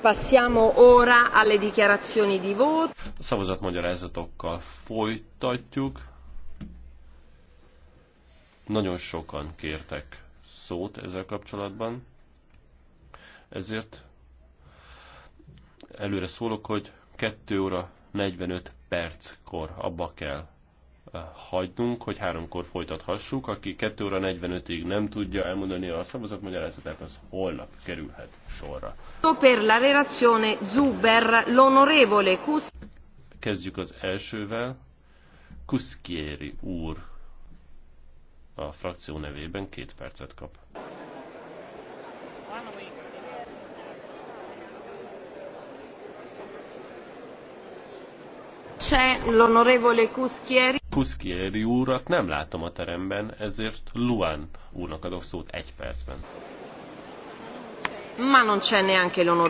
Passiamo ora alle dichiarazioni di voto. A szavazatmagyarázatokkal folytatjuk. Nagyon sokan kértek szót ezzel kapcsolatban. Ezért előre szólok, hogy 2 óra 45 perckor abba kell hagynunk, hogy háromkor folytathassuk. Aki 2 óra 45-ig nem tudja elmondani a magyarázatát, az holnap kerülhet sorra. Per la relazione Zuber, l'onorevole Kus... Kezdjük az elsővel. Kuszkieri úr a frakció nevében két percet kap. C'è l'onorevole Cuschieri. Puszkieri úrat nem látom a teremben, ezért Luan úrnak adok szót egy percben. Ma non c'è neanche l'onore.